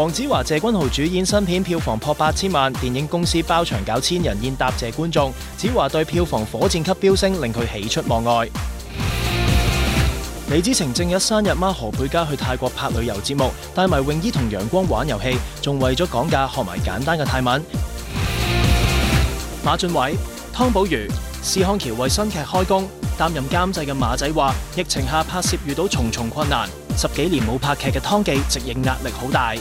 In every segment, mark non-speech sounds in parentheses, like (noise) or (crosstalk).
黃子華、謝君豪主演新片票房破八千萬，電影公司包場搞千人宴答謝觀眾。子華對票房火箭級飆升令佢喜出望外。 (music) 李子晴正日生日媽何佩嘉去泰國拍旅遊節目，帶埋泳衣同陽光玩遊戲，仲為咗講價學埋簡單嘅泰文。馬俊偉、湯寶如、施康橋為新劇開工，擔任監製嘅馬仔話：疫情下拍攝遇到重重困難，十幾年冇拍劇嘅湯記直認壓力好大。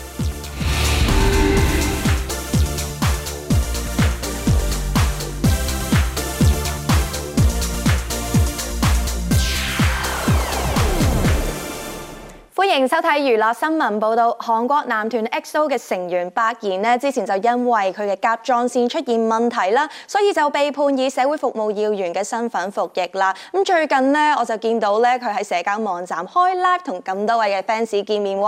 收睇娛樂新聞報道，韓國男團 EXO 嘅成員伯賢呢，之前就因為佢嘅甲狀腺出現問題啦，所以就被判以社會服務要員嘅身份服役啦。咁最近呢，我就見到呢佢喺社交網站開 live 同咁多位嘅 fans 見面。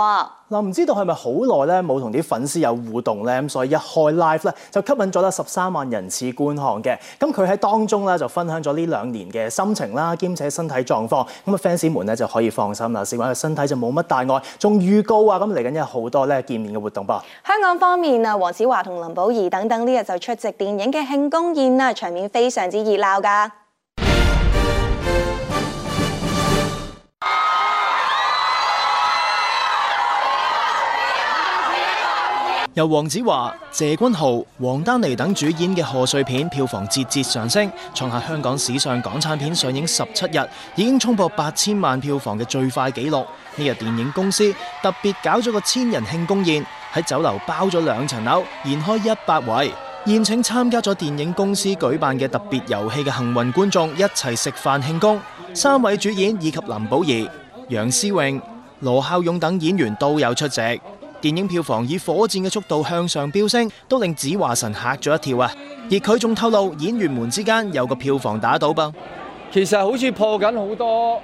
嗱，唔知道係咪好耐咧冇同啲粉絲有互動咧，咁所以一開 live 咧就吸引咗啦十三萬人次觀看嘅。咁佢喺當中咧就分享咗呢兩年嘅心情啦，兼且身體狀況。咁啊，fans 們咧就可以放心啦，先話佢身體就冇乜大礙，仲預告啊，咁嚟緊有好多咧見面嘅活動噃。香港方面啊，黃子華同林保怡等等呢日就出席電影嘅慶功宴啊，場面非常之熱鬧㗎。由黃子華、謝君豪、王丹妮等主演嘅賀歲片票房節節上升，創下香港史上港產片上映十七日已經衝破八千萬票房嘅最快紀錄。呢日電影公司特別搞咗個千人慶功宴，喺酒樓包咗兩層樓，筵開一百位，宴請參加咗電影公司舉辦嘅特別遊戲嘅幸運觀眾一齊食飯慶功。三位主演以及林保怡、楊思穎、羅孝勇等演員都有出席。電影票房以火箭嘅速度向上飆升，都令子華神吓咗一跳啊！而佢仲透露，演員們之間有個票房打賭噃。其實好似破緊好多，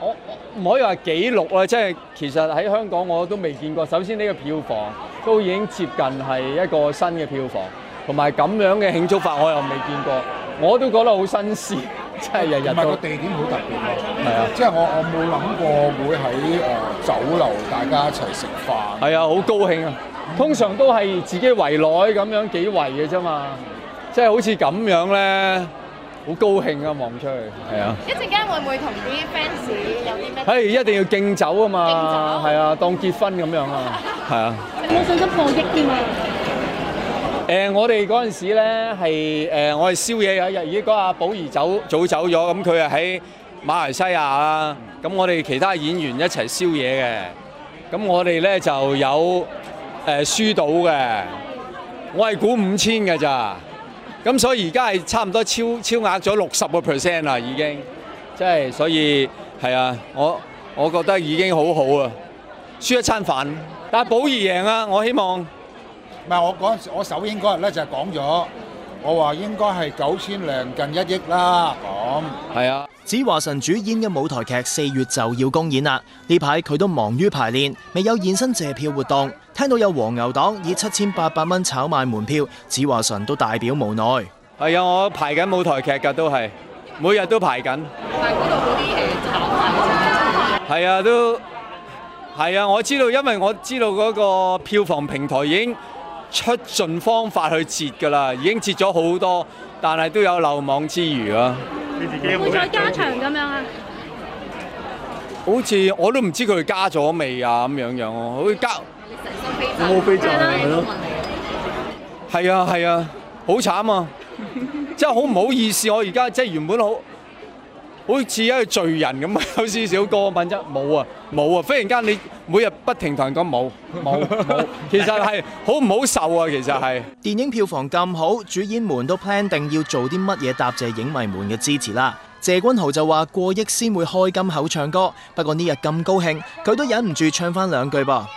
我唔可以話紀錄啊！即係其實喺香港我都未見過。首先呢個票房都已經接近係一個新嘅票房，同埋咁樣嘅慶祝法我又未見過，我都覺得好新鮮。即係日日都，個地點好特別咯，係啊！即係、啊就是、我我冇諗過會喺誒酒樓大家一齊食飯，係啊！好高興啊！嗯、通常都係自己圍內咁樣幾圍嘅啫嘛，即、就、係、是、好似咁樣咧，好高興啊！望出去係啊！一陣間會唔會同啲 fans 有啲咩？誒、啊、一定要敬酒啊嘛，係啊，當結婚咁樣啊，係啊！你 (laughs) 冇信心放億啲嘛？誒、呃、我哋嗰陣時咧係誒我哋宵夜有一日已經嗰阿寶儀走早走咗，咁佢係喺馬來西亞啦。咁我哋其他演員一齊宵夜嘅。咁我哋咧就有誒、呃、輸到嘅。我係估五千㗎咋。咁所以而家係差唔多超超額咗六十個 percent 啦，已經。即、就、係、是、所以係啊，我我覺得已經好好啊。輸一餐飯，但係寶儀贏啊！我希望。唔係，我嗰我首演嗰日咧就講咗，我話應該係九千零近一億啦。咁係啊！子華神主演嘅舞台劇四月就要公演啦。呢排佢都忙於排練，未有現身借票活動。聽到有黃牛黨以七千八百蚊炒賣門票，子華神都大表無奈。係啊，我排緊舞台劇㗎，都係每日都排緊。但係啊，都係啊，我知道，因為我知道嗰個票房平台已經。出盡方法去切㗎啦，已經切咗好多，但係都有漏網之魚咯、啊。會再加長咁樣，樣，樣啊？好似我都唔知佢加咗未啊，咁樣樣喎。好似加，高飛就係係咯。係啊係啊，好、啊啊、慘啊！ (laughs) 真係好唔好意思，我而家即係原本好。好似一個罪人咁，好小有少少歌品質冇啊，冇啊！忽然間你每日不停同人講冇冇冇， (laughs) 其實係好唔好受啊！其實係 (laughs) 電影票房咁好，主演們都 plan 定要做啲乜嘢答謝影迷們嘅支持啦。謝君豪就話過億先會開金口唱歌，不過呢日咁高興，佢都忍唔住唱翻兩句噃。 (music)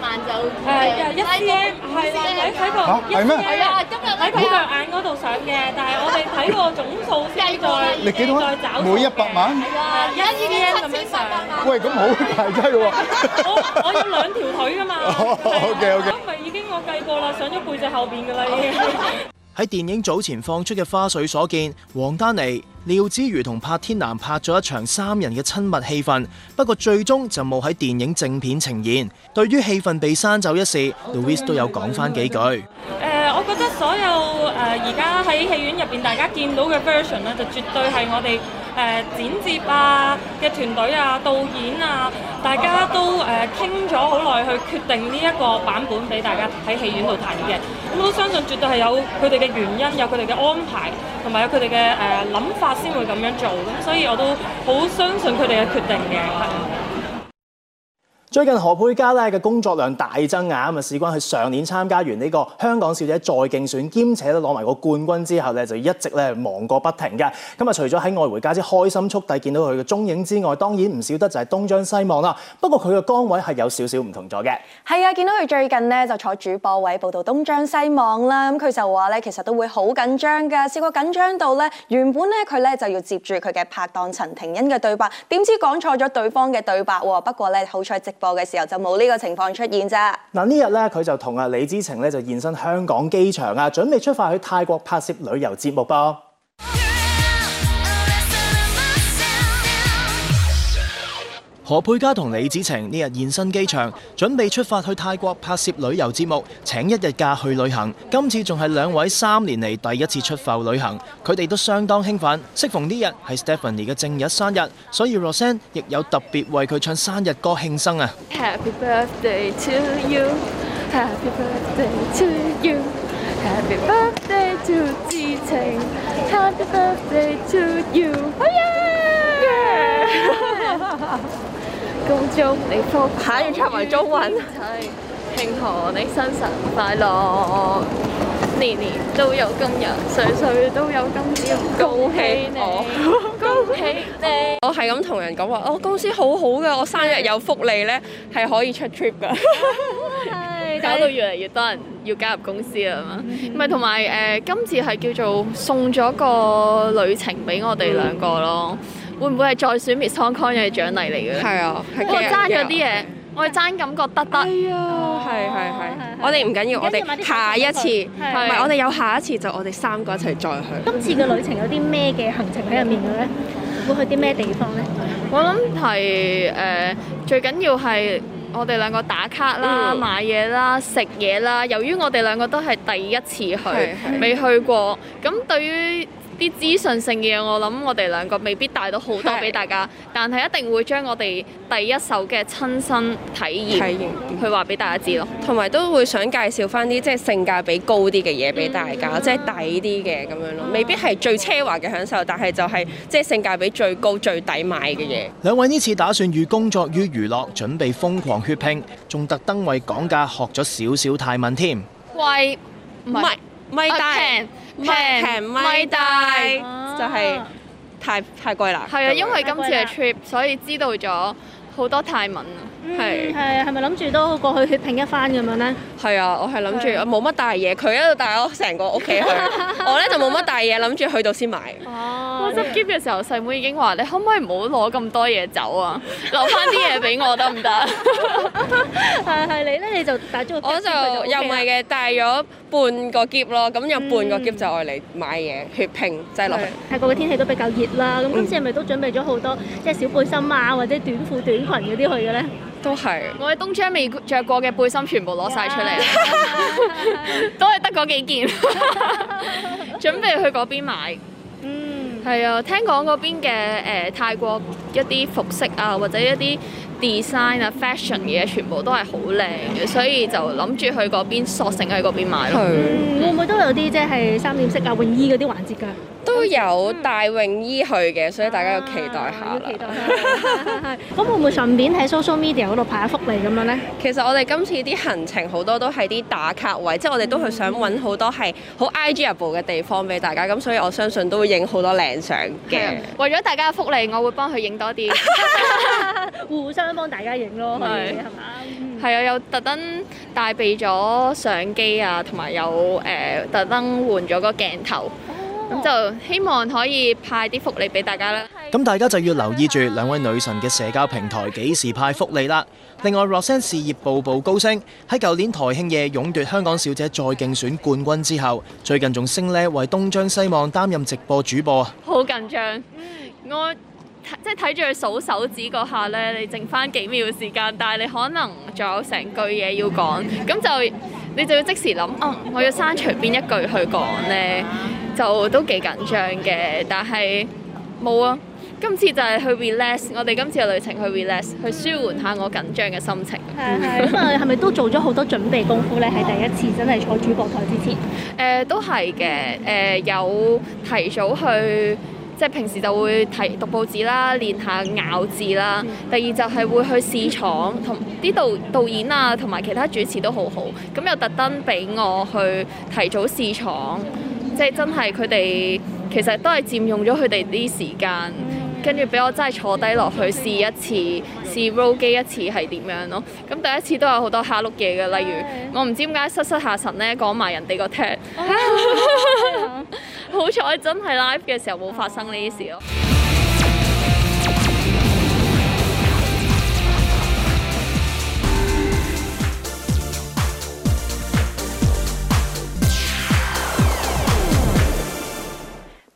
誒、嗯，一 CM，係你睇個一 CM，喺佢腳眼嗰度上嘅，但係我哋睇個總數先再你幾多再找每一百萬。而家一 CM 咁樣上，喂，咁好大劑喎！啊、 (laughs) (laughs) 我我有兩條腿噶嘛。咁、就、咪、是 oh, okay, okay. 已經我計過啦，上咗背脊後邊噶啦已經。喺電影早前放出嘅花絮所見，王丹妮、廖子妤同柏天南拍咗一場三人嘅親密戲份，不過最終就冇喺電影正片呈現。對於戲份被刪走一事，Louise 都有講翻幾句。誒、呃，我覺得所有誒而家喺戲院入邊大家見到嘅 version 咧、啊，就絕對係我哋誒、呃、剪接啊嘅團隊啊、導演啊，大家都誒傾咗好耐去決定呢一個版本俾大家喺戲院度睇嘅。咁都相信絕對係有佢哋嘅原因，有佢哋嘅安排，同埋有佢哋嘅誒諗法先會咁樣做。咁所以我都好相信佢哋嘅決定嘅，係啊。最近何佩嘉咧嘅工作量大增啊！咁啊，事關佢上年參加完呢個香港小姐再競選，兼且都攞埋個冠軍之後咧，就一直咧忙個不停嘅。咁啊，除咗喺外回家之開心速遞見到佢嘅蹤影之外，當然唔少得就係東張西望啦。不過佢嘅崗位係有少少唔同咗嘅。係啊，見到佢最近咧就坐主播位報導東張西望啦。咁佢就話咧，其實都會好緊張㗎，試過緊張到咧原本咧佢咧就要接住佢嘅拍檔陳庭欣嘅對白，點知講錯咗對方嘅對白喎。不過咧好彩直。播嘅時候就冇呢個情況出現啫。嗱，呢日咧，佢就同阿李之晴咧就現身香港機場啊，準備出發去泰國拍攝旅遊節目噃。何佩嘉同李子晴呢日現身機場，準備出發去泰國拍攝旅遊節目，請一日假去旅行。今次仲係兩位三年嚟第一次出埠旅行，佢哋都相當興奮。適逢呢日係 Stephanie 嘅正日生日，所以 Rosanne 亦有特別為佢唱生日歌慶生啊！Happy Birthday to You，Happy Birthday to You，Happy Birthday to 子晴，Happy Birthday to You。祝你福，下月出埋綜藝，慶賀你生辰快樂，年年都有今日，歲歲都有今朝，恭喜你，恭喜你！我係咁同人講話，我公司好好嘅，我生日有福利咧，係可以出 trip 噶，搞到越嚟越多人要加入公司啊嘛！咪同埋誒今次係叫做送咗個旅程俾我哋兩個咯。會唔會係再選 Miss Hong Kong 嘅獎勵嚟嘅咧？係 (noise) 啊，係我爭咗啲嘢，我係爭感覺得得。係啊，係係係。我哋唔緊要，唔緊要，我哋下一次，唔係我哋有下一次，就我哋三個一齊再去。今次嘅旅程有啲咩嘅行程喺入面嘅咧？會去啲咩地方咧？我諗係誒，最緊要係我哋兩個打卡啦、嗯、買嘢啦、食嘢啦。由於我哋兩個都係第一次去，未去過，咁對於啲資訊性嘅嘢，我諗我哋兩個未必帶到好多俾大家，是但係一定會將我哋第一手嘅親身體驗，體驗去話俾大家知咯。同埋都會想介紹返啲即係性價比高啲嘅嘢俾大家，即係抵啲嘅咁樣咯。未必係最奢華嘅享受，但係就係即係性價比最高、最抵買嘅嘢。兩位呢次打算寓工作於娛樂，準備瘋狂血拼，仲特登為講價學咗少少泰文添。喂，唔係唔係平？平平米大，米大就係、是、太太貴啦。係啊，因為今次係 trip，所以知道咗好多泰文啊。嗯，係係咪諗住都過去血拼一番咁樣咧？係啊，我係諗住冇乜大嘢，佢一度帶我成個屋企去， (laughs) 我咧就冇乜大嘢，諗住去到先買。哦、啊，我執嘅時候，細妹，妹已經話：你可唔可以唔好攞咁多嘢走啊？留翻啲嘢俾我得唔得？係 (laughs) 係不行 (laughs) (laughs) (laughs) 你咧，你就帶咗。我就又唔係嘅，帶咗半個夾咯，咁有半個夾就愛嚟買嘢、嗯、血拼，即擠落去。係泰國嘅天氣都比較熱啦，咁、嗯、今次係咪都準備咗好多即係小背心啊，或者短褲短裙嗰啲去嘅咧？都係，我喺東張未着過嘅背心全部攞晒出嚟，yeah. 都係得嗰幾件， (laughs) (laughs) 準備去嗰邊買。嗯，係啊，聽講嗰邊嘅誒、呃、泰國一啲服飾啊，或者一啲 design 啊、mm. fashion 嘅嘢，全部都係好靚嘅，okay. 所以就諗住去嗰邊索性喺嗰邊買咯、嗯。會唔會都有啲即係三點式啊、泳衣嗰啲環節㗎？都有帶泳衣去嘅，所以大家要期待下啦。咁、啊、 (laughs) (laughs) 會唔會順便喺 social media 嗰度拍下福利咁樣咧？其實我哋今次啲行程好多都係啲打卡位，嗯、即係我哋都係想揾好多係好 IG 嘅地方俾大家。咁所以我相信都會影好多靚相嘅。為咗大家嘅福利，我會幫佢影多啲， (laughs) (laughs) 互相幫大家影咯，係係嘛？係啊、嗯，有特登帶備咗相機啊，同埋有誒、呃、特登換咗個鏡頭。咁就希望可以派啲福利俾大家啦。咁大家就要留意住兩位女神嘅社交平台幾時派福利啦。另外，羅 n 事業步步高升，喺舊年台慶夜勇奪香港小姐再競選冠軍之後，最近仲升咧，為東張西望擔任直播主播啊！好緊張，我即係睇住佢數手指嗰下呢，你剩翻幾秒的時間，但係你可能仲有成句嘢要講，咁就你就要即時諗、哦，我要山除邊一句去講呢。」就都幾緊張嘅，但係冇啊。今次就係去 relax，我哋今次嘅旅程去 relax，去舒緩下我緊張嘅心情。係係咁係咪都做咗好多準備功夫呢？喺第一次真係坐主播台之前，呃、都係嘅、呃。有提早去，即係平時就會睇讀報紙啦，練下咬字啦。嗯、第二就係會去試廠，同啲導，導演啊，同埋其他主持都好好。咁又特登俾我去提早試廠。即係真係佢哋，其實都係佔用咗佢哋啲時間，跟住俾我真係坐低落去試一次，嗯嗯、試 row 機一次係點樣咯。咁、嗯、第一次都有好多蝦碌嘢嘅，例如、嗯、我唔知點解失失下神咧，講埋人哋個 tag。 (laughs) 哦、 (laughs) (laughs) 好彩真係 live 嘅時候冇發生呢啲事咯。嗯 (laughs)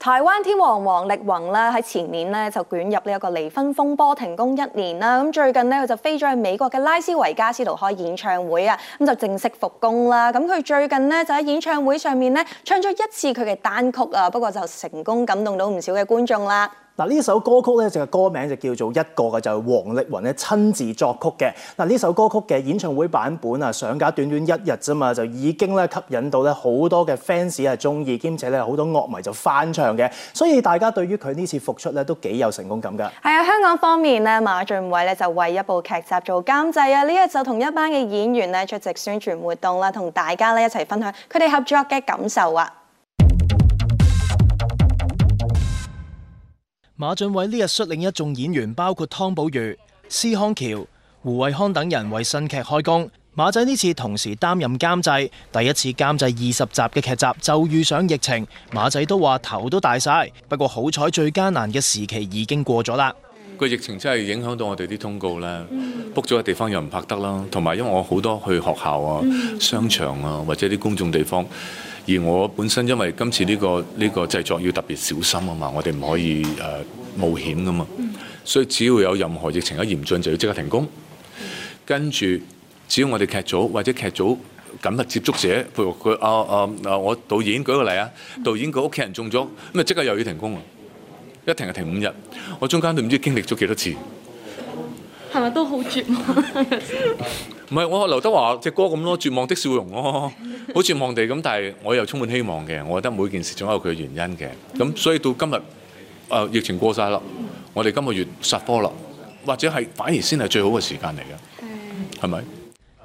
台灣天王王力宏咧喺前年咧就捲入呢一個離婚風波，停工一年啦。最近咧佢就飛咗去美國嘅拉斯維加斯度開演唱會啊，就正式復工啦。咁佢最近就喺演唱會上面咧唱咗一次佢嘅單曲啊，不過就成功感動到唔少嘅觀眾啦。嗱，呢首歌曲咧就係歌名就叫做一個嘅，就係、是、黃力文咧親自作曲嘅。嗱，呢首歌曲嘅演唱會版本啊，上架短短一日啫嘛，就已經咧吸引到咧好多嘅 fans 啊中意，兼且咧好多樂迷就翻唱嘅，所以大家對於佢呢次復出咧都幾有成功感㗎。係啊，香港方面咧，馬浚偉咧就為一部劇集做監製啊，呢日就同一班嘅演員咧出席宣傳活動啦，同大家咧一齊分享佢哋合作嘅感受啊。馬俊偉呢日率領一眾演員，包括湯寶如、施康橋、胡渭康等人，為新劇開工。馬仔呢次同時擔任監製，第一次監製二十集嘅劇集就遇上疫情。馬仔都話頭都大晒，不過好彩最艱難嘅時期已經過咗啦。這個疫情真係影響到我哋啲通告啦，book 咗嘅地方又唔拍得啦，同埋因為我好多去學校啊、嗯、商場啊或者啲公眾地方。而我本身因為今次呢、這個呢、這個製作要特別小心啊嘛，我哋唔可以誒、呃、冒險噶嘛，所以只要有任何疫情一嚴峻，就要即刻停工。跟住只要我哋劇組或者劇組緊密接觸者，譬如佢啊啊啊，我導演舉個例啊，導演佢屋企人中咗，咁啊即刻又要停工啊，一停就停五日。我中間都唔知經歷咗幾多次。係咪都好絕望？唔 (laughs) 係，我學劉德華隻歌咁咯，絕望的笑容咯，啊，好絕望地咁，但係我又充滿希望嘅。我覺得每件事總有佢嘅原因嘅。咁所以到今日，誒、啊、疫情過晒啦，我哋今個月殺波啦，或者係反而先係最好嘅時間嚟嘅，係、嗯、咪？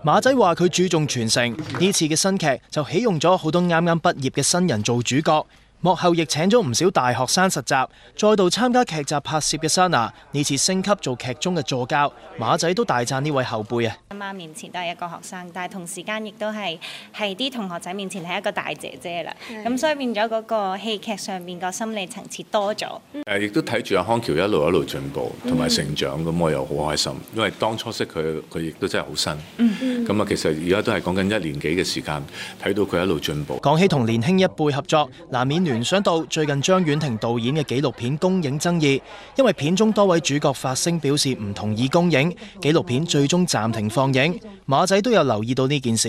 馬仔話佢注重傳承，呢次嘅新劇就起用咗好多啱啱畢業嘅新人做主角。幕後亦請咗唔少大學生實習，再度參加劇集拍攝嘅珊娜，呢次升級做劇中嘅助教，馬仔都大讚呢位後輩啊。阿媽，媽面前都係一個學生，但係同時間亦都係係啲同學仔面前係一個大姐姐啦。咁、嗯、所以變咗嗰個戲劇上面個心理層次多咗。誒、嗯，亦都睇住阿康橋一路一路進步同埋成長，咁、嗯、我又好開心，因為當初識佢，佢亦都真係好新。嗯。咁啊，其實而家都係講緊一年幾嘅時間，睇到佢一路進步。講起同年輕一輩合作，難免聯想到最近張婉婷導演嘅紀錄片公映爭議，因為片中多位主角發聲表示唔同意公映，紀錄片最終暫停放映。馬仔都有留意到呢件事。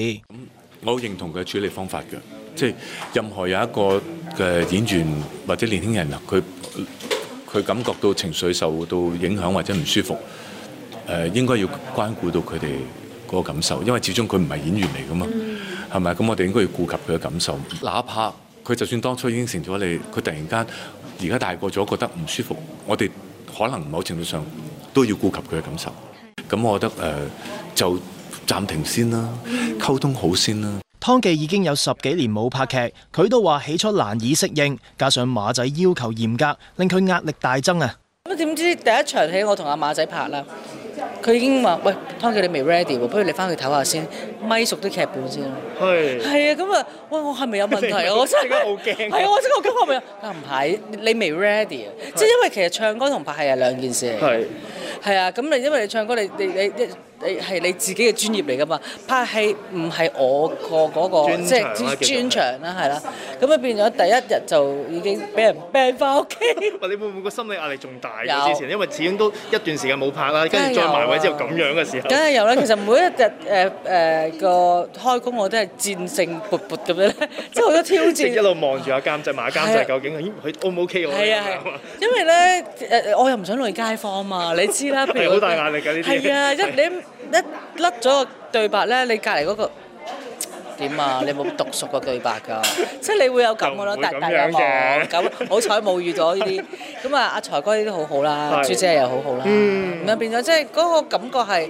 我認同佢嘅處理方法嘅，即係任何有一個嘅演員或者年輕人啊，佢佢感覺到情緒受到影響或者唔舒服，誒、呃，應該要關顧到佢哋嗰個感受，因為始終佢唔係演員嚟噶嘛，係、嗯、咪？咁我哋應該要顧及佢嘅感受，哪怕。佢就算當初已經成咗你，佢突然間而家大個咗，覺得唔舒服，我哋可能某程度上都要顧及佢嘅感受。咁我覺得，呃，就暫停先啦，溝通好先啦。湯記已經有十幾年冇拍劇，佢都話起初難以適應，加上馬仔要求嚴格，令佢壓力大增啊！咁啊？點知第一場戲我同阿馬仔拍啦，佢已經話：喂，湯姐你未 ready 喎，不如你翻去睇下先，咪熟啲劇本先。係。係啊，咁啊，喂，我係咪有問題啊？我真係，係啊，我真係好驚。係啊，我真係 (laughs) 我今個月。唔係，你未 ready 啊？即係因為其實唱歌同拍戲係兩件事。係。係啊，咁你因為你唱歌，你你你你係你，你自己嘅專業嚟㗎嘛？拍戲唔係我個嗰個即係專長啦、啊、係、就、啦、係啊。咁啊變咗第一日就已經俾人病翻屋企。唔你會唔會個心理壓力仲大嘅之前？因為始終都一段時間冇拍啦，跟住再埋位之後咁樣嘅時候。梗係有啦、啊啊！其實每一日誒誒個開工我都係戰勝勃勃咁樣咧， (laughs) 即係好多挑戰。一路望住阿監製問啊監製，究竟佢 O 唔 O K 㗎？係啊係、哎 OK 啊啊啊啊啊啊、因為咧誒我又唔想累街坊啊嘛，你知啦。係好、啊、大壓力㗎呢啲。係啊，啊啊啊你啊你你 (laughs) 一你一甩咗個對白咧，你隔離嗰、那個。點啊？你冇讀熟個對白㗎，即係你會有咁嘅咯，但係但係望咁好彩冇遇咗呢啲，咁啊阿財哥呢啲好好啦，豬姐又好好啦，咁啊變咗即係嗰個感覺係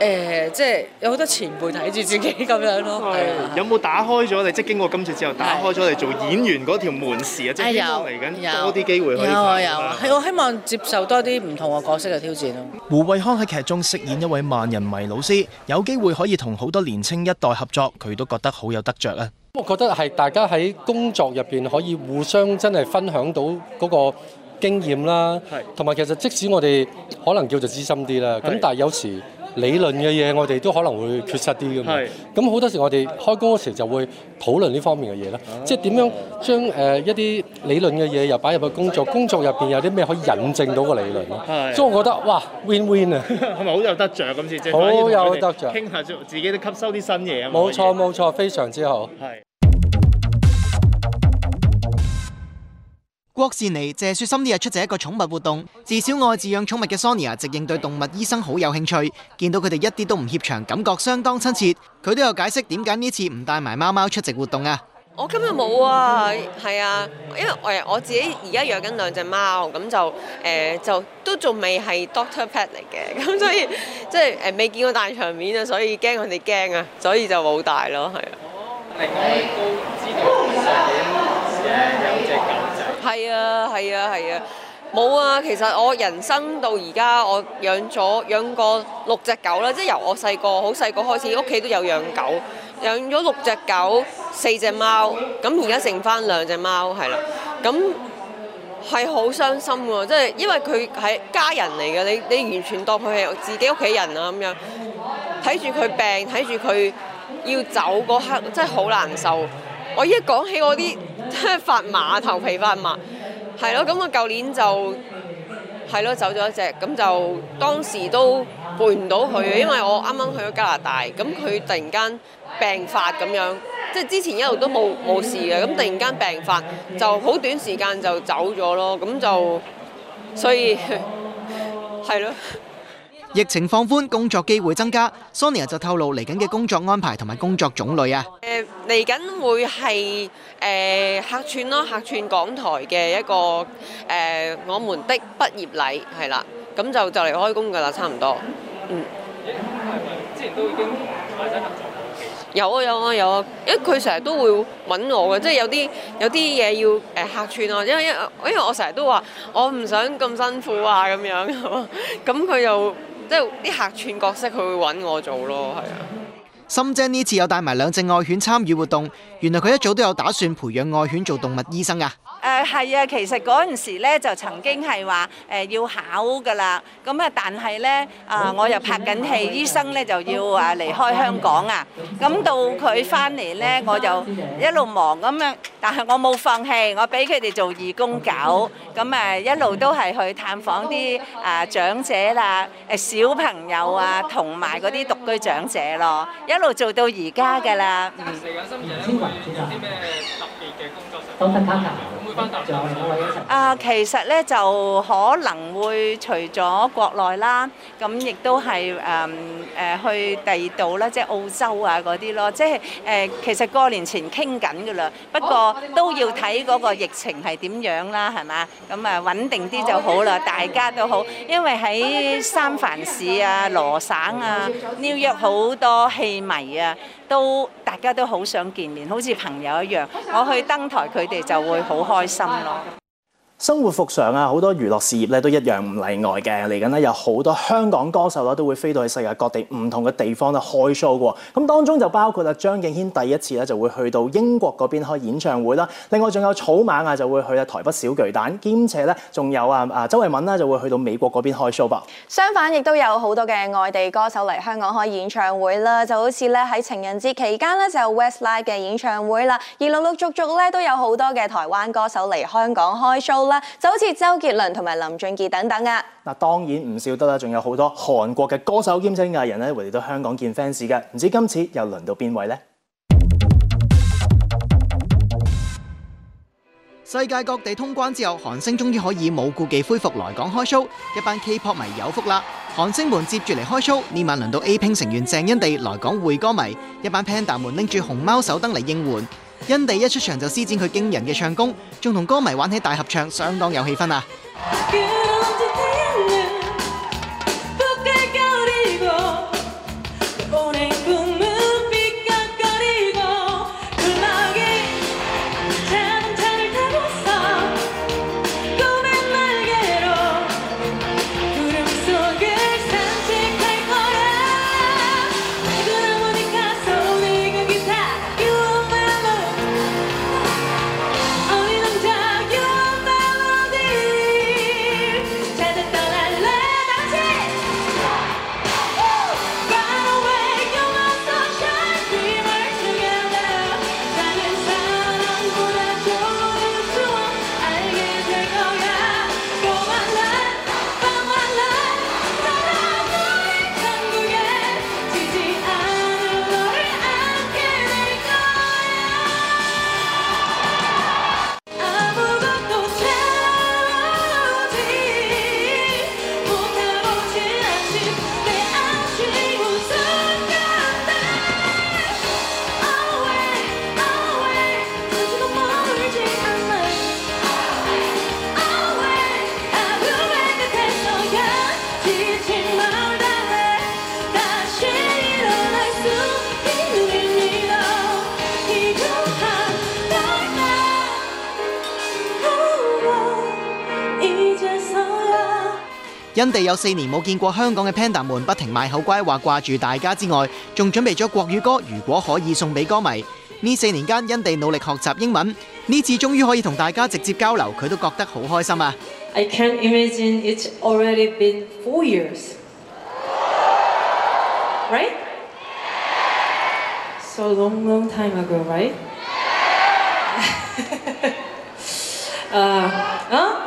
誒，即係有好多前輩睇住自己咁樣咯。有冇打開咗？你即係經過今次之後打開咗你做演員嗰條門匙啊？即係希望嚟緊多啲機會去拍啦。係我希望接受多啲唔同嘅角色嘅挑戰咯。胡慧康喺劇中飾演一位萬人迷老師，有機會可以同好多年青一代合作，佢都覺得好有得着啦，啊。我覺得係大家喺工作入邊可以互相真係分享到嗰個經驗啦，同埋其實即使我哋可能叫做資深啲啦，咁但係有時，理論嘅嘢我哋都可能會缺失啲咁啊，咁好多時我哋開工嗰時就會討論呢方面嘅嘢啦，即係點樣將誒、呃、一啲理論嘅嘢又擺入去工作，啊、工作入邊有啲咩可以引證到個理論咧、啊？所以我覺得哇，win win 啊，係咪好有得着。啊？今次即好有得著，傾下自己都吸收啲新嘢啊！冇錯冇錯，非常之好。郭羨妮，謝雪心呢日出席一個寵物活動，自小愛飼養寵物嘅 Sonya，直認對動物醫生好有興趣。見到佢哋一啲都唔怯場，感覺相當親切。佢都有解釋點解呢次唔帶埋貓貓出席活動啊？我今日冇啊，係啊，因為誒我自己而家養緊兩隻貓，咁就誒、呃、就都仲未係 Doctor Pet 嚟嘅，咁所以即係誒未見過大場面啊，所以驚佢哋驚啊，所以就冇帶咯，係啊。另外高 (laughs) (laughs) 係啊，係啊，係啊，冇啊！其實我人生到而家，我養咗養過六隻狗啦，即係由我細個好細個開始，屋企都有養狗，養咗六隻狗，四隻貓，咁而家剩返兩隻貓，係啦、啊，咁係好傷心喎！即係因為佢係家人嚟嘅，你你完全當佢係自己屋企人啊咁樣，睇住佢病，睇住佢要走嗰刻，真係好難受。我一講起我啲，真係發麻，頭皮發麻，係咯，咁我舊年就係咯走咗一隻，咁就當時都背唔到佢，因為我啱啱去咗加拿大，咁佢突然間病發咁樣，即係之前一路都冇冇事嘅，咁突然間病發，就好短時間就走咗咯，咁就所以係咯。 (laughs) 對。疫情放寬，工作機會增加，Sonya 就透露嚟緊嘅工作安排同埋工作種類啊。誒嚟緊會係誒客串咯，客串港台嘅一個誒我們的畢業禮係啦，咁就就嚟開工噶啦，差唔多。嗯。咦？係咪之前都已經買咗合同？有啊有啊有啊，因為佢成日都會揾我嘅，即係有啲有啲嘢要誒客串啊，因為因為我成日都話我唔想咁辛苦啊咁樣，咁佢又。即係啲客串角色，佢會揾我做咯，係啊。心姐呢次又帶埋兩隻愛犬參與活動。原來佢一早都有打算培養愛犬做動物醫生噶。誒係啊，其實嗰陣時咧就曾經係話誒要考噶啦。咁啊，但係咧啊，我又拍緊戲，醫生咧就要啊離開香港啊。咁到佢返嚟咧，我就一路忙咁樣，但係我冇放棄，我俾佢哋做義工狗。咁誒一路都係去探訪啲啊長者啦，誒小朋友啊，同埋嗰啲獨居長者咯。一路做到而家噶啦。有啲咩特別嘅工作？啊，其實咧就可能會除咗國內啦，咁亦都係誒誒去第二度啦，即係澳洲啊嗰啲咯，即係誒其實過年前傾緊噶啦，不過都要睇嗰個疫情係點樣啦，係咪啊？咁啊穩定啲就好啦，大家都好，因為喺三藩市啊、羅省啊、紐約好多戲迷啊，都大家都好想見面，好似朋友一樣。我去登台，佢哋就會好開心咯。啊啊啊生活服上啊，好多娛樂事業咧都一樣唔例外嘅。嚟緊咧有好多香港歌手咧都會飛到去世界各地唔同嘅地方咧開 show 嘅。咁當中就包括啦張敬軒第一次咧就會去到英國嗰邊開演唱會啦。另外仲有草蜢啊就會去啦台北小巨蛋，兼且咧仲有啊周啊周慧敏啦就會去到美國嗰邊開 show 噃。相反亦都有好多嘅外地歌手嚟香港開演唱會啦，就好似咧喺情人節期間咧就 Westlife 嘅演唱會啦。而陸陸續續咧都有好多嘅台灣歌手嚟香港開 show。就好似周杰倫同埋林俊傑等等啊！嗱，當然唔少得啦，仲有好多韓國嘅歌手兼星藝人咧嚟到香港見 fans 嘅。唔知今次又輪到邊位呢？世界各地通關之後，韓星終於可以冇顧忌恢復來港開 show，一班 K-pop 迷有福啦！韓星們接住嚟開 show，呢晚輪到 A Pink 成員鄭恩地來港會歌迷，一班 Panda 們拎住熊貓手燈嚟應援。因地一出場就施展佢驚人嘅唱功，仲同歌迷玩起大合唱，相當有氣氛啊！恩地有四年冇見過香港嘅 panda 們不停賣口乖話掛住大家之外，仲準備咗國語歌，如果可以送俾歌迷。呢四年間，恩地努力學習英文，呢次終於可以同大家直接交流，佢都覺得好開心啊！I can't imagine it's already been four years, right? So long, long time ago, right? Uh, huh?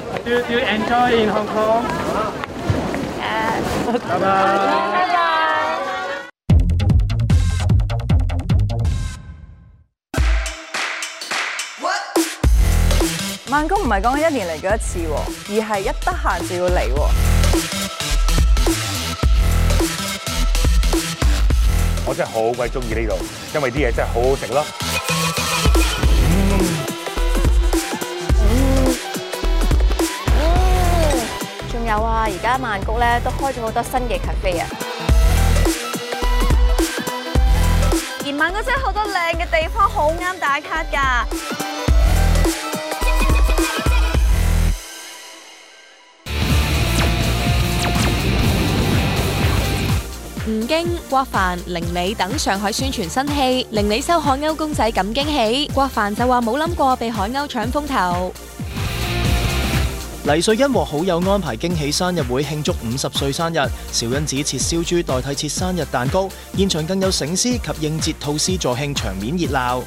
Do you enjoy in Hong Kong? 好啦，拜拜拜拜 what 萬哥唔係講緊一年嚟嘅一次，而係一得閒就要嚟，我真係好鬼中意呢度，因為啲嘢真係好好食咯。有啊，而家曼谷咧都開咗好多新嘅 cafe 啊，而曼谷真係好多靚嘅地方，好啱打卡噶。吳京、郭帆、寧理等上海宣傳新戲，寧理收海鷗公仔咁驚喜，郭帆就話冇諗過被海鷗搶風頭。黎瑞恩和好友安排驚喜生日會慶祝五十歲生日，小恩子切燒豬代替切生日蛋糕，現場更有醒獅及應節吐司助慶，場面熱鬧。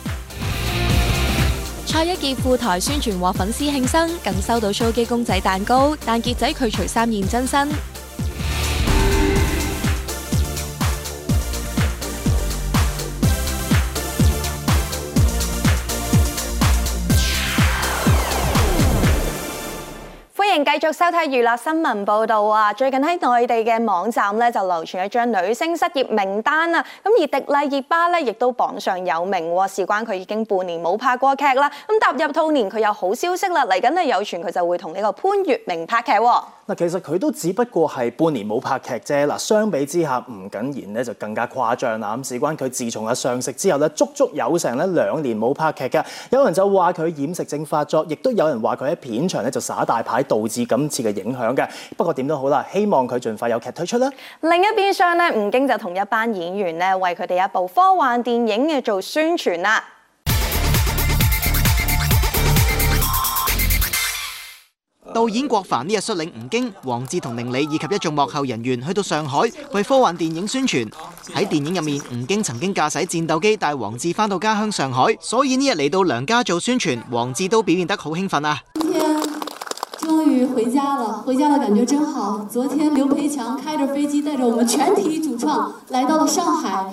蔡一傑赴台宣傳獲粉絲慶生，更收到蘇基公仔蛋糕，但傑仔拒絕三現真身。繼續收睇娛樂新聞報道啊！最近喺內地嘅網站咧就流傳一張女星失業名單啊，咁而迪麗熱巴咧亦都榜上有名，事關佢已經半年冇拍過劇啦。咁踏入兔年，佢有好消息啦，嚟緊咧有傳佢就會同呢個潘粵明拍劇。嗱，其實佢都只不過係半年冇拍劇啫。嗱，相比之下，吳謹言咧就更加誇張啦。咁事關佢自從阿上食之後咧，足足有成咧兩年冇拍劇嘅。有人就話佢厭食症發作，亦都有人話佢喺片場咧就耍大牌，導致今次嘅影響嘅。不過點都好啦，希望佢盡快有劇推出啦。另一邊廂咧，吳京就同一班演員咧，為佢哋一部科幻電影嘅做宣傳啦。導演郭帆呢日率領吳京、王志同寧理以及一眾幕後人員去到上海為科幻電影宣傳。喺電影入面，吳京曾經駕駛戰鬥機帶王志返到家鄉上海，所以呢日嚟到娘家做宣傳，王志都表現得好興奮啊！今天終於回家了，回家的感覺真好。昨天劉培強開着飛機，帶着我們全體主創來到了上海。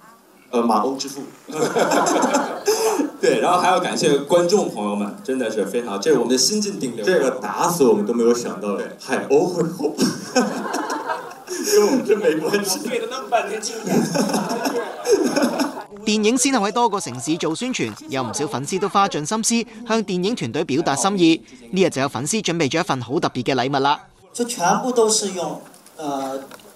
呃，馬歐之父 (laughs) (laughs) 對，然後還要感謝觀眾朋友們，真的是非常，這是我們的新晉頂流。這個打死我們都沒有想到嘞，海鷗婚後，喲，這沒關係，費了那麼半天勁。電影先後喺多個城市做宣傳，有唔少粉絲都花盡心思向電影團隊表達心意。呢日就有粉絲準備咗一份好特別嘅禮物啦，就全部都是用，呃。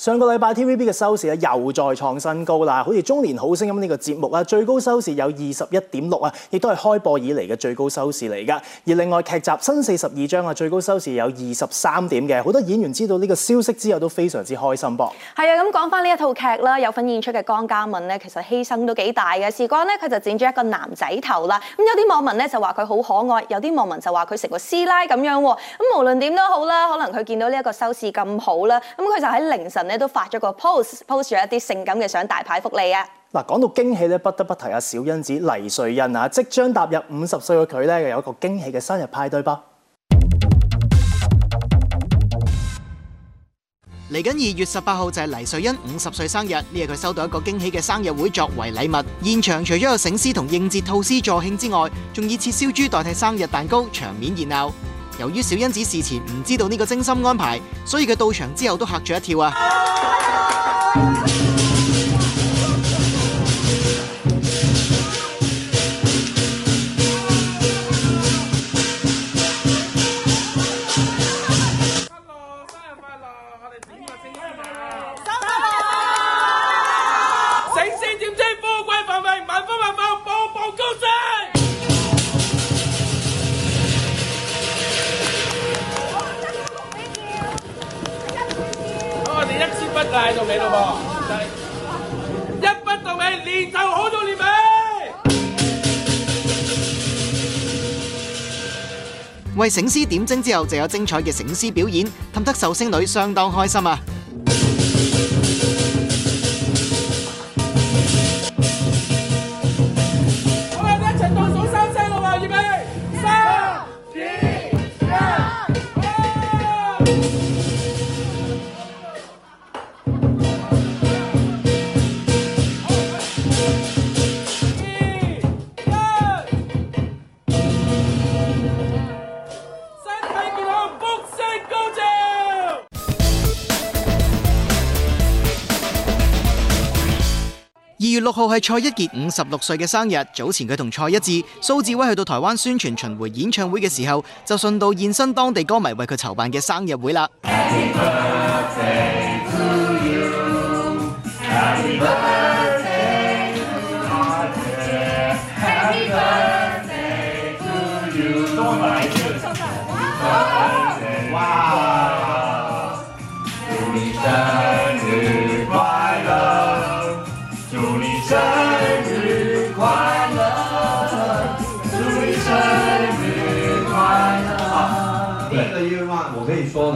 上個禮拜 TVB 嘅收視啊，又再創新高啦！好似《中年好聲音》呢個節目啊，最高收視有二十一點六啊，亦都係開播以嚟嘅最高收視嚟噶。而另外劇集《新四十二章》啊，最高收視有二十三點嘅，好多演員知道呢個消息之後都非常之開心噃。係啊，咁講翻呢一套劇啦，有份演出嘅江嘉敏呢，其實犧牲都幾大嘅。事關呢，佢就剪咗一個男仔頭啦。咁有啲網民呢，就話佢好可愛，有啲網民就話佢成個師奶咁樣喎。咁無論點都好啦，可能佢見到呢一個收視咁好啦，咁佢就喺凌晨咧都發咗個 post，post 咗 post 一啲性感嘅相，大派福利啊！嗱，講到驚喜咧，不得不提阿小恩子黎瑞恩啊，即將踏入五十歲嘅佢咧，又有一個驚喜嘅生日派對吧。嚟緊二月十八號就係黎瑞恩五十歲生日，呢日佢收到一個驚喜嘅生日會作為禮物。現場除咗有醒獅同應節兔子助興之外，仲以切燒豬代替生日蛋糕，場面熱鬧。由於小欣子事前唔知道呢個精心安排，所以佢到場之後都嚇咗一跳啊！到尾咯噃，一筆到尾，練就好到年尾。為醒獅點睛之後，就有精彩嘅醒獅表演，氹得壽星女相當開心啊！六號係蔡一傑五十六歲嘅生日，早前佢同蔡一智、蘇志威去到台灣宣傳巡迴演唱會嘅時候，就順道現身當地歌迷為佢籌辦嘅生日會啦。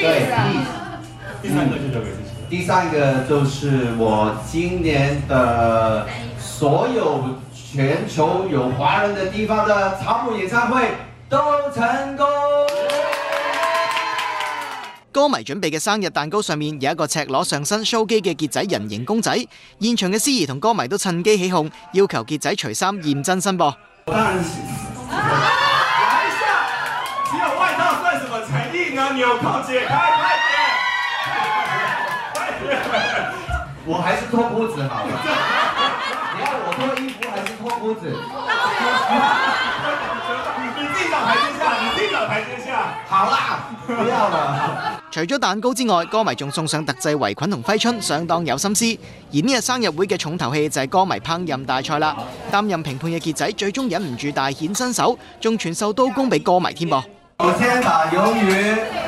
對第、嗯，第三個就是我今年的所有全球有華人的地方的草蜢演唱會都成功。歌迷準備嘅生日蛋糕上面有一個赤裸上身，show 肌嘅傑仔人形公仔，現場嘅司儀同歌迷都趁機起哄，要求傑仔除衫驗真身噃。紐扣解開，快我還是脫褲子好了。 (laughs) 你要我脫衣服還是脫褲子？加 (laughs) (laughs) 你第一台階下，你第一台階下。好啦，不要了。除咗蛋糕之外，歌迷仲送上特製圍裙同揮春，相當有心思。而呢日生日會嘅重頭戲就係歌迷烹飪大賽啦。擔任評判嘅杰仔最終忍唔住大顯身手，仲傳授刀工俾歌迷添噃。我先把魷魚。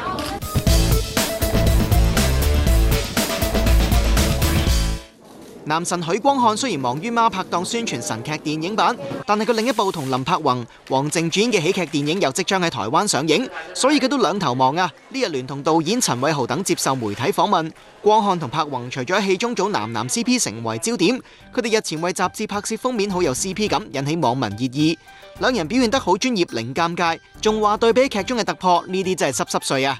男神許光漢雖然忙於孖拍檔宣傳神劇電影版，但係佢另一部同林柏宏、王淨主演嘅喜劇電影又即將喺台灣上映，所以佢都兩頭忙啊！呢日聯同導演陳偉豪等接受媒體訪問，光漢同柏宏除咗喺戲中組男男 CP 成為焦點，佢哋日前為雜誌拍攝封面好有 CP 感，引起網民熱議。兩人表現得好專業，零尷尬，仲話對比劇中嘅突破，呢啲真係濕濕碎啊！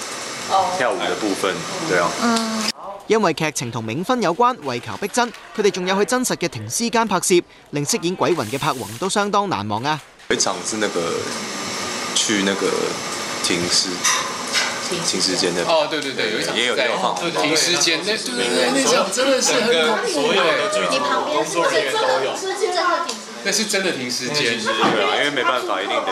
跳舞嘅部分，對啊。因為劇情同冥婚有關，為求逼真，佢哋仲有去真實嘅停屍間拍攝，令飾演鬼魂嘅柏宏都相當難忘啊，有有！有一場是那個去那個停屍停屍間嘅，哦對對對，有一場放。停屍間，對對對，那場真的是所有嘅劇組，所有演員都有，是真的停屍間，對啊，因為沒辦法，一定得。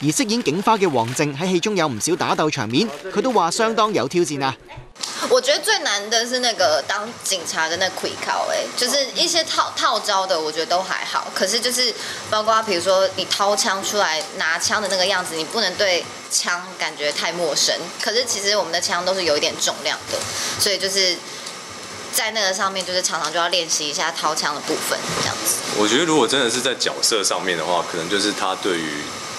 而飾演警花嘅王靜喺戲中有唔少打鬥場面，佢都話相當有挑戰啊！我覺得最難的是那個當警察嘅那 quick draw，誒，就是一些套套招的，我覺得都還好。可是就是包括，比如說你掏槍出來拿槍的那個樣子，你不能對槍感覺太陌生。可是其實我們的槍都是有一點重量的，所以就是在那個上面，就是常常就要練習一下掏槍的部分，這樣子。我覺得如果真的是在角色上面的話，可能就是他對於。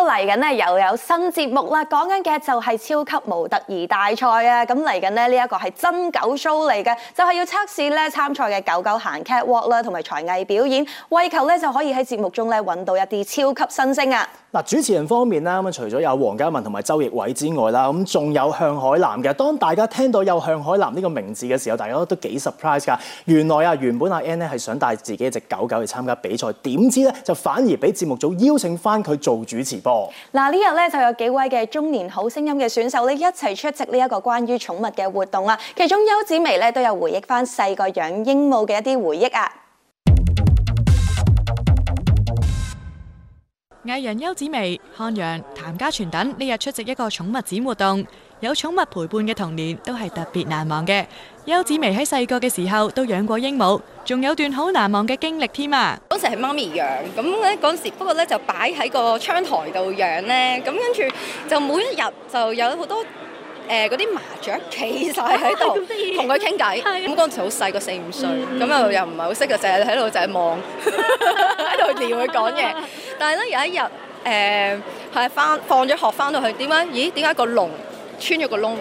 嚟緊咧又有新節目啦，講緊嘅就係超級模特兒大賽啊！咁嚟緊呢，呢一個係真狗 show 嚟嘅，就係要測試咧參賽嘅狗狗行 cat walk 啦，同埋才藝表演。為求咧就可以喺節目中咧揾到一啲超級新星啊！嗱，主持人方面啦，咁除咗有黃嘉文同埋周奕偉之外啦，咁仲有向海嵐嘅。當大家聽到有向海嵐呢個名字嘅時候，大家都幾 surprise 㗎。原來啊，原本阿 N 呢係想帶自己隻狗狗去參加比賽，點知咧就反而俾節目組邀請翻佢做主持。嗱，呢日咧就有幾位嘅中年好聲音嘅選手呢，一齊出席呢一個關於寵物嘅活動啊。其中邱子薇呢都有回憶翻細個養鸚鵡嘅一啲回憶啊。藝人邱子薇、漢陽、譚家傳等呢日出席一個寵物展活動，有寵物陪伴嘅童年都係特別難忘嘅。邱子薇喺細個嘅時候都養過鸚鵡，仲有段好難忘嘅經歷添啊！嗰時係媽咪養，咁咧嗰時不過咧就擺喺個窗台度養咧，咁跟住就每一日就有好多誒嗰啲麻雀企晒喺度，同佢傾偈。咁嗰時好細個，四五歲，咁又又唔係好識嘅，成日喺度就係望，喺度撩佢講嘢。但係咧有一日，誒係翻放咗學翻到去，點解？咦，點解個籠？穿咗個窿，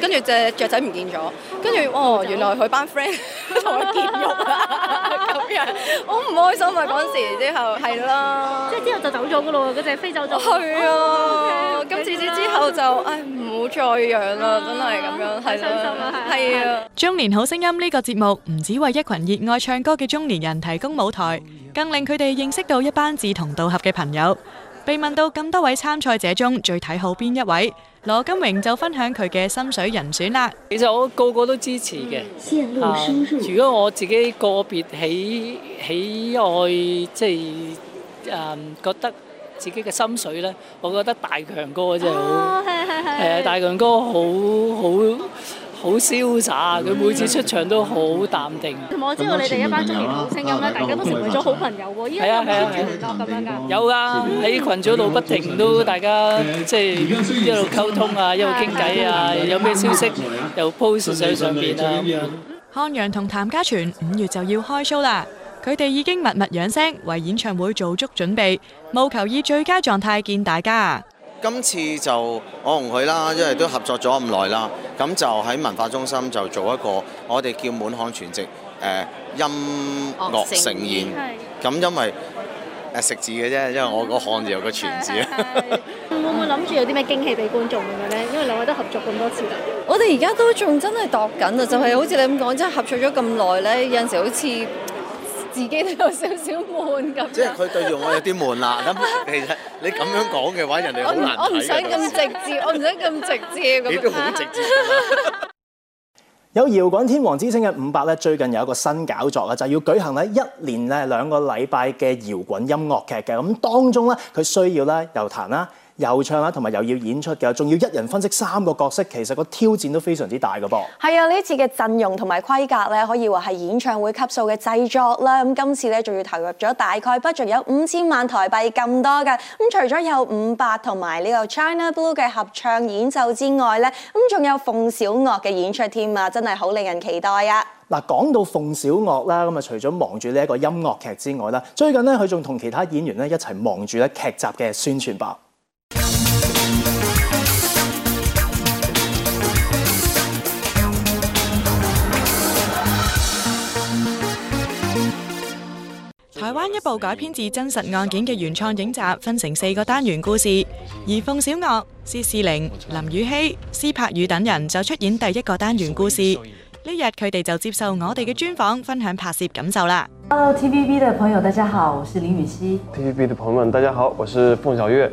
跟住隻雀仔唔見咗，跟住哦，原來佢班 friend 同佢結肉啦咁樣，好唔開心啊！嗰陣時之後係啦，即之後就走咗噶咯，嗰隻飛走咗。係啊，今次之之後就唉，唔好再養啦，真係咁樣，太傷心啦，係啊。中年好聲音呢個節目唔止為一群熱愛唱歌嘅中年人提供舞台，更令佢哋認識到一班志同道合嘅朋友。被問到咁多位參賽者中最睇好邊一位？羅金榮就分享佢嘅心水人選啦。其實我個個都支持嘅。如果我自己個別喜喜愛，即係誒，覺得自己嘅心水呢，我覺得大強哥真係好。誒、哦呃，大強哥好好。很好瀟灑，佢每次出場都好淡定。咁啊，我知道你哋一班中年好聲音咧，大家都成為咗好朋友喎。依家有冇轉嚟交咁樣噶？有啊，喺羣組度不停都大家即係一路溝通啊，一路傾偈啊，有咩消息又 post 上上邊。漢陽同譚家傳五月就要開 show 啦，佢哋已經默默養聲，為演唱會做足準備，務求以最佳狀態見大家。今次就我同佢啦，因為都合作咗咁耐啦，咁就喺文化中心就做一個我哋叫滿漢全席誒、呃、音樂盛宴。咁因為、啊、食字嘅啫，因為我個漢字有個全字。 (laughs) 會唔會諗住有啲咩驚喜俾觀眾咁樣咧？因為兩位都合作咁多次啦。我哋而家都仲真係度緊啊！就係、是、好似你咁講，真係合作咗咁耐咧，有陣時好似。自己都有少少悶咁，即係佢對住我有啲悶啦。咁其實你咁樣講嘅話， (laughs) 人哋好難睇嘅、啊。我唔想咁直, (laughs) 直接，我唔想咁直接咁講。 (laughs) 直接啊、 (laughs) 有搖滾天王之稱嘅伍佰咧，最近有一個新搞作啊，就係、要舉行咧一年咧兩個禮拜嘅搖滾音樂劇嘅。咁當中咧，佢需要咧，又彈啦。又唱啊，同埋又要演出嘅，仲要一人分析三個角色，其實個挑戰都非常之大嘅噃。係啊，呢次嘅陣容同埋規格咧，可以話係演唱會級數嘅製作啦。咁今次咧，仲要投入咗大概不足有五千萬台幣咁多嘅。咁除咗有伍佰同埋呢個 China Blue 嘅合唱演奏之外咧，咁仲有馮小樂嘅演出添啊，真係好令人期待啊！嗱，講到馮小樂啦，咁啊，除咗忙住呢一個音樂劇之外啦，最近咧佢仲同其他演員咧一齊忙住咧劇集嘅宣傳博。台灣一部改編自真實案件嘅原創影集，分成四個單元故事，而鳳小岳、薛仕凌、林雨希、施柏宇等人就出演第一個單元故事。呢日佢哋就接受我哋嘅專訪，分享拍攝感受啦。Hello，TVB 嘅朋友，大家好，我是林雨曦。TVB 嘅朋友們，大家好，我是鳳小岳。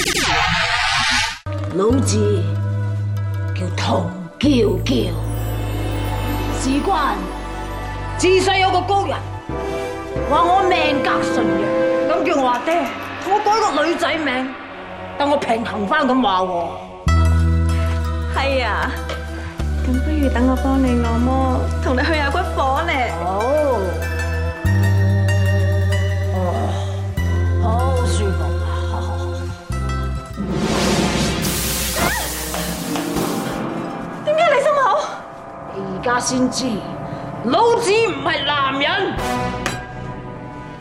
老字叫唐嬌嬌，事關自細有個高人話我命格順嘅，咁叫我阿爹，同我改個女仔名，等我平衡翻，咁話係啊，咁不如等我幫你按摩，同你去下骨火咧。好。家先知，老子唔係男人。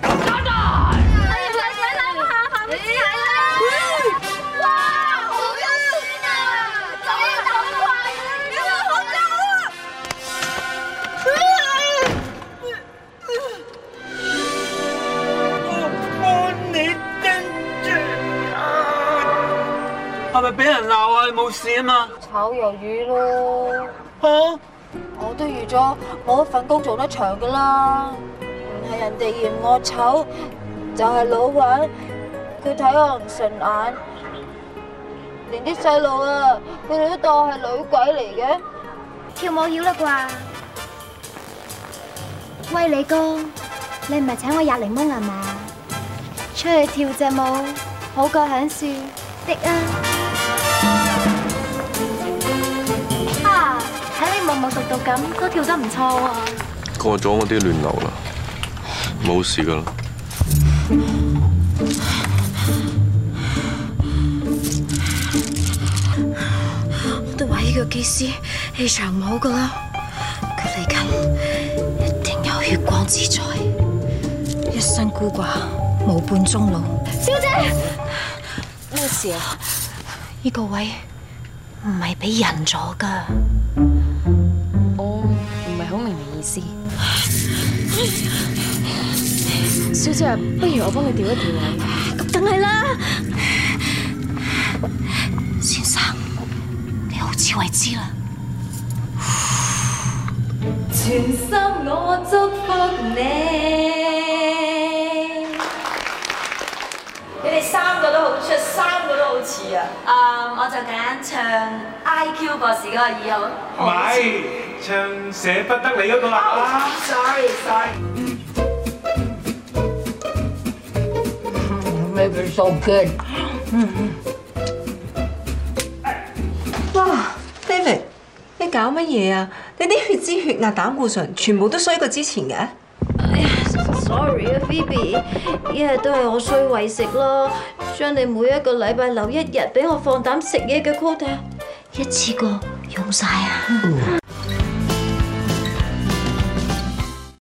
簡單。你睇睇樓下粉絲喺度，哇，好、哎、用心啊！走一走快，好驚、哎哎哎哎哎、啊！我愛、啊、你，頂住！啊！係咪俾人鬧啊？你冇事啊嘛？炒魷魚咯。好！我都預咗冇一份工做得長噶啦，唔係人哋嫌我醜，就係、是、老尹佢睇我唔順眼，連啲細路啊，佢哋都當係女鬼嚟嘅，跳舞妖啦啩？喂，李哥，你唔係請我廿零蚊啊嘛？出去跳隻舞，好過享樹食啊！默默熟到咁，都跳得唔錯喎。過咗嗰啲亂流啦，冇事噶啦。我都話呢個機師氣場唔好噶啦，佢嚟緊一定有血光之災，一身孤寡，無伴終老。小姐，咩事啊？呢、這個位。唔係俾人咗噶，我唔係好明你意思。 (laughs) 小姐，不如我幫你調一調位，咁梗係啦。先生，你好自為之啦。全心我祝福你。啊！我就揀唱 IQ 博士嗰個耳好，唔係唱捨不得你嗰個喇。Sorry，Sorry。Baby so good。哇，David，你搞乜嘢啊？你啲血脂、血壓、膽固醇全部都衰過之前嘅。sorry 啊，Phoebe 一日都係我衰餵食咯，將你每一個禮拜留一日俾我放膽食嘢嘅 quota 一次過用晒啊！Mm-hmm.